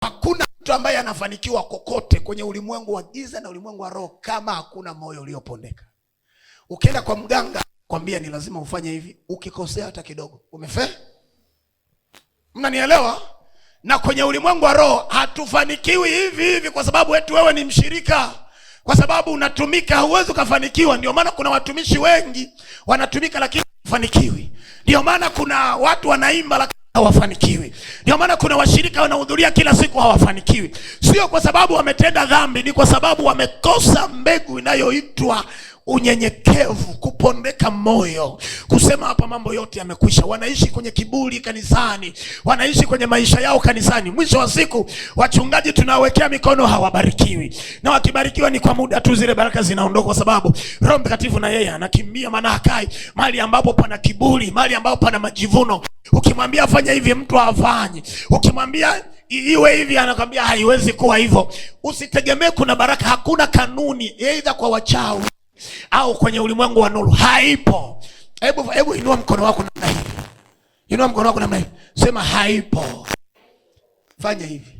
Hakuna mtu ambaye anafanikiwa kokote kwenye ulimwengu wa giza na ulimwengu wa roho kama hakuna moyo uliopondeka. Ukienda kwa mganga kwambia ni lazima ufanye hivi, ukikosea hata kidogo umefe. Mnanielewa? Na kwenye ulimwengu wa roho hatufanikiwi hivi hivi, kwa sababu eti wewe ni mshirika, kwa sababu unatumika, huwezi ukafanikiwa. Ndio maana kuna watumishi wengi wanatumika, lakini hafanikiwi. Ndio maana kuna watu wanaimba lakini hawafanikiwi. Ndio maana kuna washirika wanahudhuria kila siku hawafanikiwi, sio kwa sababu wametenda dhambi, ni kwa sababu wamekosa mbegu inayoitwa unyenyekevu, kupondeka moyo, kusema hapa mambo yote yamekwisha. Wanaishi kwenye kiburi kanisani, wanaishi kwenye maisha yao kanisani. Mwisho wa siku, wachungaji tunawekea mikono, hawabarikiwi, na wakibarikiwa ni kwa muda tu, zile baraka zinaondoka, kwa sababu Roho Mtakatifu na yeye anakimbia, maana hakai mahali ambapo pana kiburi, mahali ambapo pana majivuno. Ukimwambia fanya hivi, mtu afanye. Ukimwambia iwe hivi anakwambia haiwezi kuwa hivyo. Usitegemee kuna baraka, hakuna kanuni, aidha kwa wachawi au kwenye ulimwengu wa nuru haipo. Hebu hebu inua mkono wako namna hii, inua mkono wako namna hii, sema haipo. Fanya hivi.